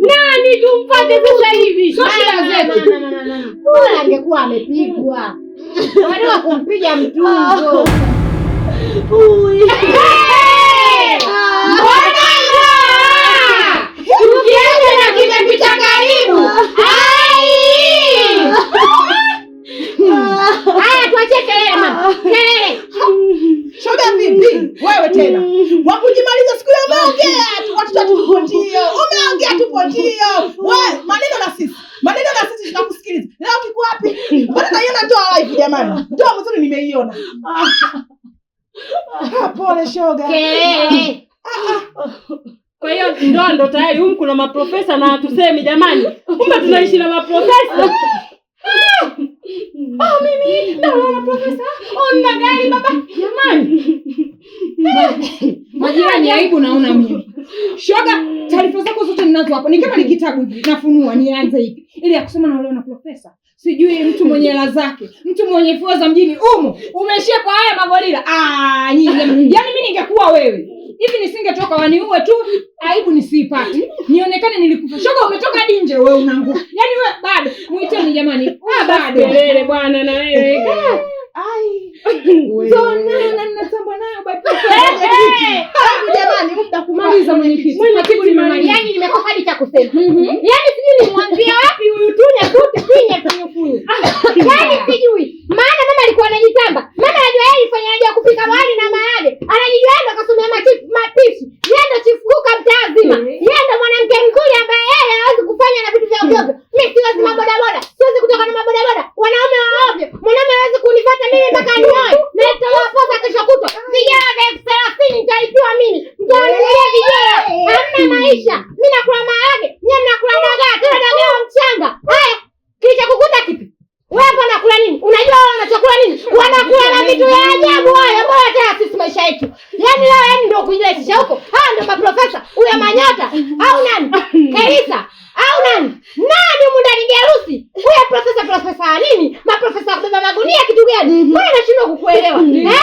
Nani tumfate sasa hivi? Angekuwa amepigwa baada ya kumpiga mtungo shoga. Kwa hiyo ndoa ndo tayari huku kuna maprofesa na hatusemi jamani, kumbe tunaishi na maprofesa. Ah, oh, mimi naona profesa ona oh, gari baba, jamani majira ni aibu naona mimi. Shoga, taarifa zako zote ninazo hapo, ni kama ni kitabu hivi nafunua, nianze ipi ili ya na wale na profesa sijui mtu mwenye hela zake, mtu mwenye fua za mjini umu, umeishia kwa haya magorila. Ah, nyinyi yaani, mimi ningekuwa wewe hivi nisingetoka, waniue tu, aibu nisiipate, nionekane nilikufa. Shoga, umetoka hadi nje, wewe unanguka. yani wewe bado mwiteni jamani, ah, bado bwana na wewe eh, eh. Wewe unashindwa kukuelewa. Eh?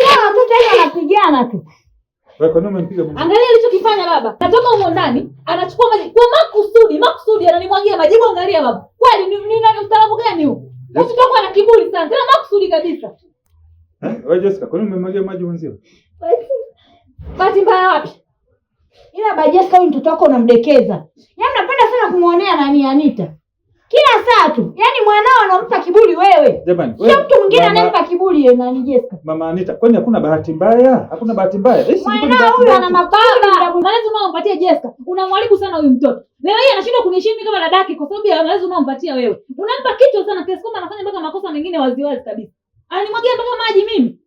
watoto tu. Angalia alichokifanya baba, natoka humo ndani anachukua maji kwa makusudi, makusudi ananimwagia maji. Angalia baba, kweli ni nani? Mtaalamu gani huu? Usitoka na kiburi sana tena, makusudi kabisa. Eh, wewe Jessica, kwa nini umemwagia maji mwenzio? Bahati mbaya wapi? Ila Jessica, huyu mtoto wako unamdekeza. Yaani napenda sana kumwonea nani Anita kila saa tu, yaani mwanao anampa kiburi wewe. Jamani, wewe. sio mtu mwingine anampa kiburi yeye. Eh, Nani Jessica? Mama Anita, kwani hakuna bahati mbaya? Hakuna bahati mbaya. ni Mwanao huyu ana mababa. Malezi unaompatia Jessica, unamharibu sana huyu mtoto. Leo yeye anashindwa kuniheshimu kama dadake kwa sababu ya malezi unaompatia wewe. Unampa kichwa sana kiasi kwamba anafanya mpaka makosa mengine waziwazi kabisa. Alimwagia mpaka maji mimi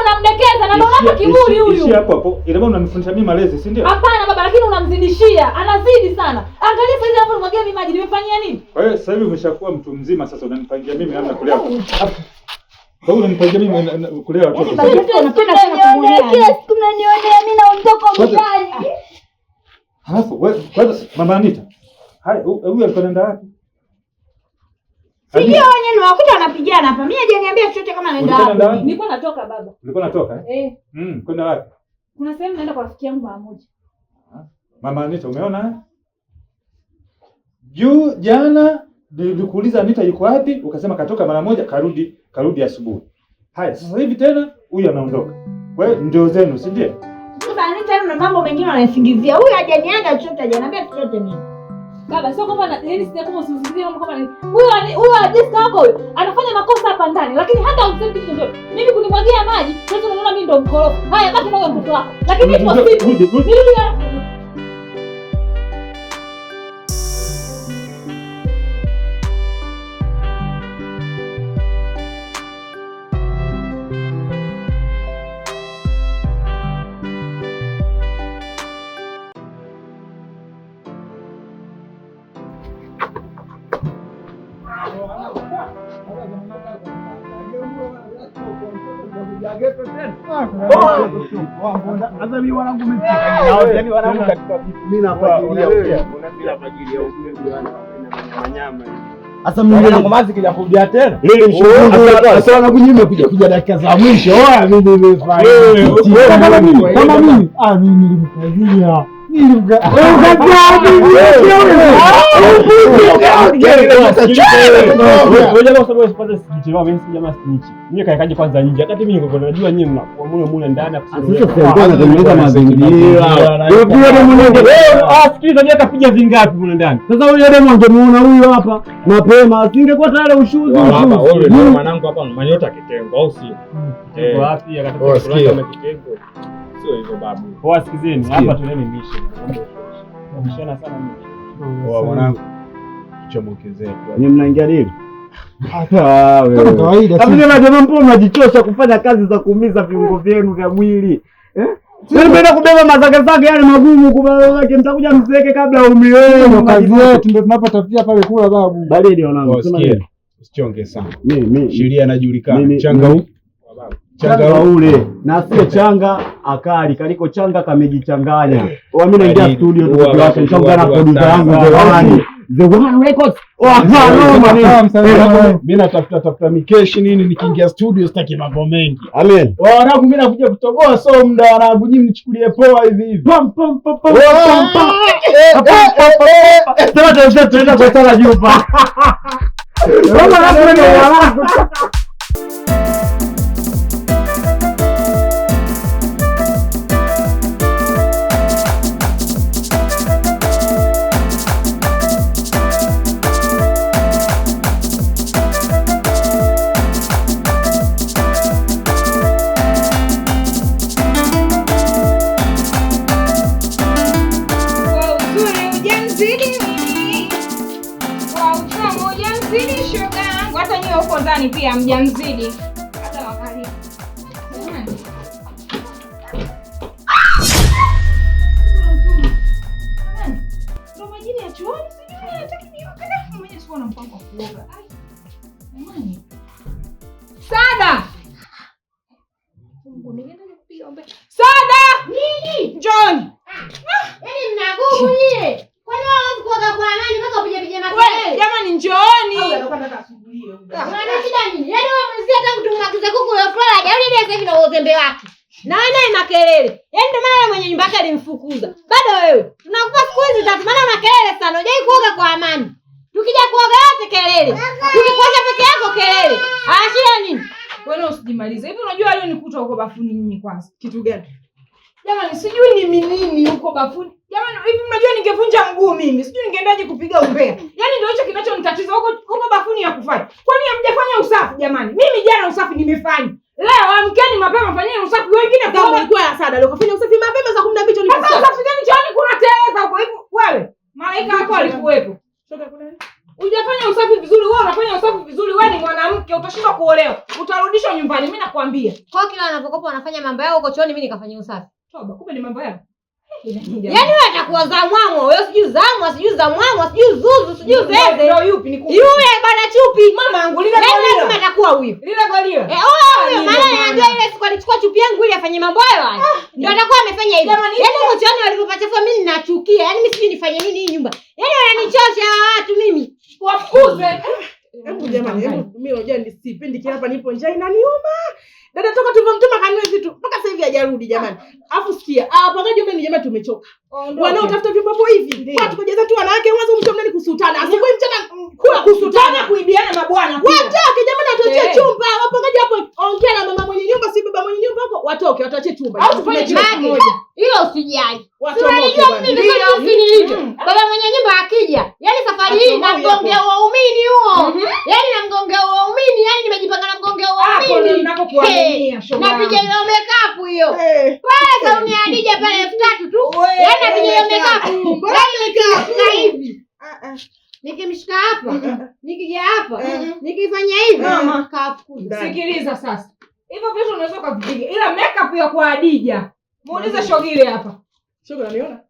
unamdekeza na baba yako kiburi huyu. Ishi hapo hapo. Ila baba unanifundisha mimi malezi, si ndio? Hapana baba, lakini unamzidishia. Anazidi sana. Angalia sasa hivi anapomwagia mimi maji nimefanyia nini? Kwa hiyo sasa hivi umeshakuwa mtu mzima sasa unanipangia mimi namna kulea. Baba unanipangia mimi kulea watoto. Unapenda sana kumuonea. Kila siku mnanionea mimi naondoka mtaani. Halafu wewe kwanza Mama Anita. Hai, huyu alikuwa wapi? Sijui wenyewe niwakuta wanapigana hapa. Mimi hajaniambia chochote kama naenda wapi. Nilikuwa natoka baba. Nilikuwa natoka eh? Eh. Mm, kwenda wapi? Kuna sehemu naenda kwa rafiki yangu mara Mama Anita umeona? Eh? Juu jana nilikuuliza Anita yuko wapi? Ukasema katoka mara moja karudi karudi asubuhi. Haya, sasa hivi tena huyu anaondoka. Kwa hiyo ndio zenu, si ndio? Sasa Anita na mambo mengine wanasingizia. Huyu hajaniaga chochote, hajaniambia chochote mimi. Baba, sio kwamba sija kama mambo kama huyo huyo wako huyo anafanya makosa hapa ndani, lakini hata usemi kitu Mimi kunimwagia maji, sasa unaona mimi ndio mkorofi. Haya, baki mwaga mtoto wako. Lakini Asa mningine ngomazi kija kuja tena. Nili mshukuru sasa na kunyima kuja kuja dakika za mwisho. Oya mimi nimefanya. Kama mimi, kama mimi. Ah mimi nilimfanyia. Ni lugha kaekaje kwanza nje, wakati mimi niko najua nyinyi mnakuwa mule mule ndani, kapiga vingapi mule ndani? Sasa huyo demo angemuona huyo hapa mapema, asingekuwa tayari ushuzi. Mwanangu hapa manyota kitengo, au sio? Sio hivyo babu. hapa tuleni mishe. Mishana sana mwanangu. Oh, Ni mnaingia nini? Hata ah, wewe. Kawaida mpo kufanya kazi za kuumiza viungo vyenu vya mwili. Eh? Nimeenda yaani kubeba zake yale yaani magumu kubebake, mtakuja mzeeke kabla umri wenu. Kazi yetu ndio tunapotafutia pale kula babu. Baridi wanangu. Usichonge sana. Mimi sheria inajulikana. Changa huko changa ule na sio changa akali kaliko changa kamejichanganya. Eh. Mimi naingia yaani, studio na producer yangu The One Records. Oh, eh, eh, mimi natafuta tafuta mikeshi nini, nikiingia studio sitaki mambo mengi. Amen wanangu, oh, mimi nakuja kutoboa, so mda wanangu, nyinyi mchukulie poa hivi hivi. Tunaenda kwa sala juu nadhani pia mjamzidi uzembe wake na wewe naye makelele. Yaani ndio maana mwenye nyumba yake alimfukuza. Bado wewe. Tunakupa siku hizi tatu maana makelele sana. Hujai kuoga kwa amani. Tukija kuoga yote kelele. Tukikuacha peke yako kelele. Anashia nini? Wewe usijimalize. Hivi unajua leo nikuta huko bafuni nini kwanza? Kitu gani? Jamani sijui ni minini huko bafuni. Jamani hivi unajua ningevunja mguu mimi. Sijui ningeendaje kupiga umbea. Yaani ndio hicho kinachonitatiza huko huko bafuni ya kufanya. Kwani hamjafanya usafi jamani? Mimi jana usafi nimefanya ilikuwa ya sada. Leo kafanya usafi mapema saa 12 jioni. Sasa usafi gani jioni kuna teleza hapo hivi wewe? Malaika hapo alikuwepo. Hujafanya usafi vizuri wewe, unafanya usafi vizuri wewe, ni mwanamke utashindwa kuolewa. Utarudishwa nyumbani, mimi nakwambia. Kwa kila wanapokopa wanafanya mambo yao huko chooni, mimi nikafanya usafi. Toba, kumbe ni mambo yao. Yaani wewe atakuwa za mwamwa, wewe sijui zamwa, sijui za mwamwa, sijui zuzu, sijui zeze. Ndio yupi ni kumbe. Yule bana chupi. Mama yangu lile. Yaani Lazima atakuwa huyo. Lile yangu ili afanye mambo hayo hayo. Ah, ndio atakuwa amefanya hivyo. Yaani mtaona walipopachafua mimi ninachukia. Yaani mimi sijui nifanye nini hii nyumba. Yaani wananichosha hawa watu mimi. Wafukuze. Ah, ah, hebu jamani, hebu mimi hoja ni sipendi kile hapa nipo njaa inaniuma. Dada toka tulivyomtuma kanunue vitu mpaka sasa hivi hajarudi jamani. Alafu sikia, ah pangaji mimi ni jamani tumechoka. Oh, Wanaotafuta vimbapo hivi. Watu kujaza tu wanawake mwanzo mtu mnani kusutana. Asubuhi mchana mm, kula kusutana kuibiana mabwana. Watoke jamani atoche eh. chumba. Wapangaji hapo ongea na mama mwenye nyumba si baba watoke watache chumba. Hilo usijali. Unajua mimi mm-hmm. ni hivyo. Mm-hmm. Baba mwenye nyumba akija, yani safari hii namgongea waumini huo. Mm-hmm. Yaani namgongea waumini, yani nimejipanga namgongea ah, waumini. Napiga ile makeup hiyo. Pale kauni Adija pale elfu tatu tu. yani napiga ile makeup. Yaani hivi. Uh-uh. Nikimshika hapa, nikija hapa, nikifanya hivi, kafukuza. Sikiliza sasa. Hivyo vitu unaweza ukavipiga, ila makeup ya kwa Adija muulize Shogile hapa. Shogile aniona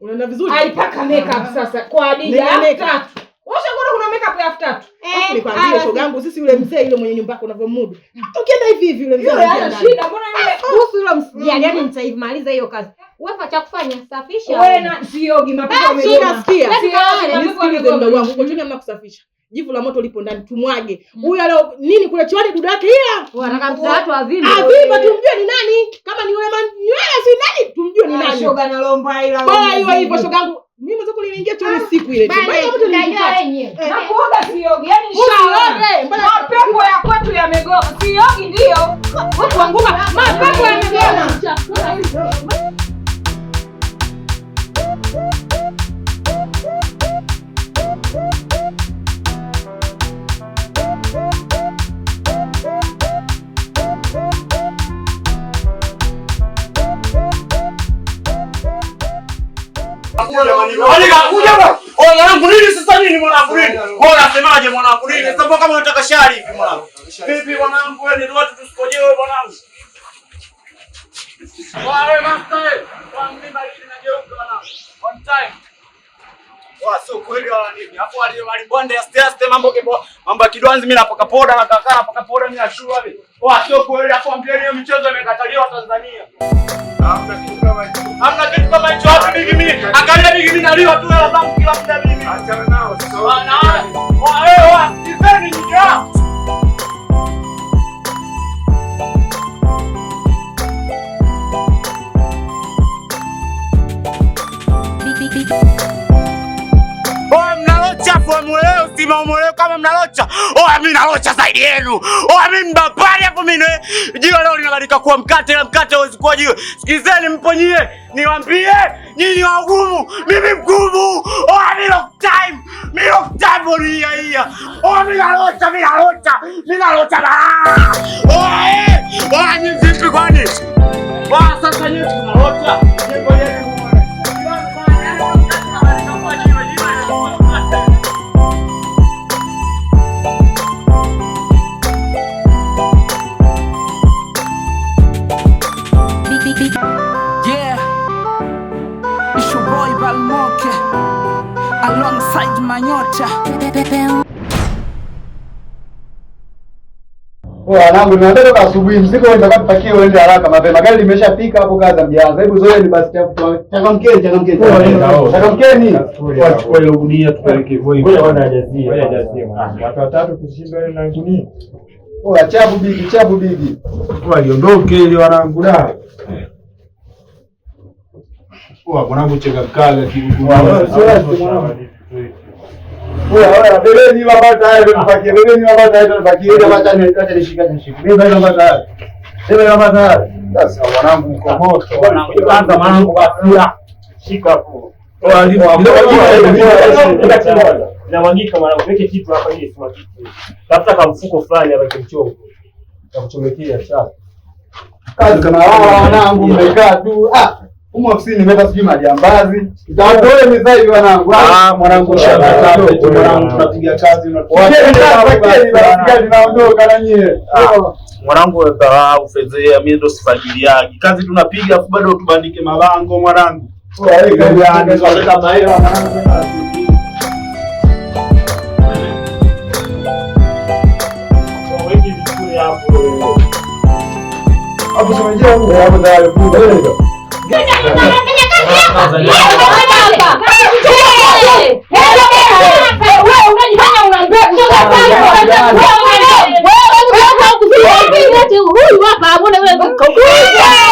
Unaenda vizuri. Alipaka makeup ah. sasa kwa Adija elfu tatu. Wewe shogora kuna makeup ya tatu. Ah, eh, nikwambie shogangu sisi yule mzee yule mwenye nyumba yako unavyomudu. Ah. Tukienda hivi hivi yule mzee. Yule ana shida mbona yule kuhusu yule msijali yaani, yani maliza hiyo kazi. Wewe cha kufanya safisha. Wewe na siogi mapigo umegoma. Nasikia. Nasikia mdogo wangu kwa nini amna kusafisha? jivu la moto lipo ndani, tumwage mm. huyu. mm. Leo nini kule choani, dudu yake avimba, ah, tumjue ni nani, kama ni yule nywele, si nani, tumjue ni ah, nani. Shoga na lomba ila bora hiyo hivyo, shoga yangu mimi mwanzo kuliingia tu ah, siku ile tu. Mbona mtu nilijua wenyewe. Eh, eh. Nakuoga siogi. Yaani mbona Mapepo ya kwetu yamegoma. Siogi ndio. wewe kuanguka, mapepo yamegoma. Oh, mwanangu nini sasa nini mwanangu nini? Wewe unasemaje mwanangu nini? Sasa kama unataka shari hivi mwanangu. Vipi mwanangu wewe ni watu tusikoje wewe mwanangu? Wewe master, kwa mimi bali ninageuka mwanangu. One time mambo ya kidwanzi, mimi napoka poda na kaka napoka poda, mimi nashua hivi. Kwa sio kweli, afu ambieni hiyo michezo imekataliwa Tanzania. Hamna kitu kama hicho hapo. Bigi mimi angalia, bigi mimi naliwa tu hela zangu kila muda mimi. Achana nao sasa. Wana wao, wao, kifeni nyinyi. mnalocha. Oya, oh, mimi nalocha zaidi yenu. Oya, oh, mimi mbapari hapo mimi. Eh. Jiwe leo linabadilika kuwa mkate na mkate hauwezi kuwa jiwe. Sikizeni mponyie, niwaambie nyinyi wagumu, mimi mgumu. Oya, oh, mimi lock time. Mimi lock time hii. Oya, mimi nalocha, mimi nalocha. Mimi nalocha. Ah! Oya. Wanangu, niwataka asubuhi mzigo wewe ndio pakie uende haraka mapema. Gari limeshapika hapo kaza mjaza. Hebu ni basi chakamkeni chakamkeni. Chakamkeni. Wachukue ile gunia tupeleke hivyo hivyo. Wewe wana jazi. Wewe jazie. Watu watatu tushibe na gunia. Oa chabu bigi, chabu bigi. Waliondoke ile wanangu da. Oa mwanangu cheka kale kibugu. Inamwagika mwanangu, weke kitu hapa ili isimwagike. Tafuta kamfuko fulani aweke mchongo na kuchomekea. Kazi kama wao, wanangu, mmekaa tu ah Humo ofisini nimeleta sijui majambazi. Nitaondoe mizaa hivi wanangu. Ah, mwanangu shaka mwanangu tunapiga kazi naondoka na nyie. Ah, mwanangu dharau fedhea, mimi ndo Kazi tunapiga afu bado tubandike mabango mwanangu. Huyu hapa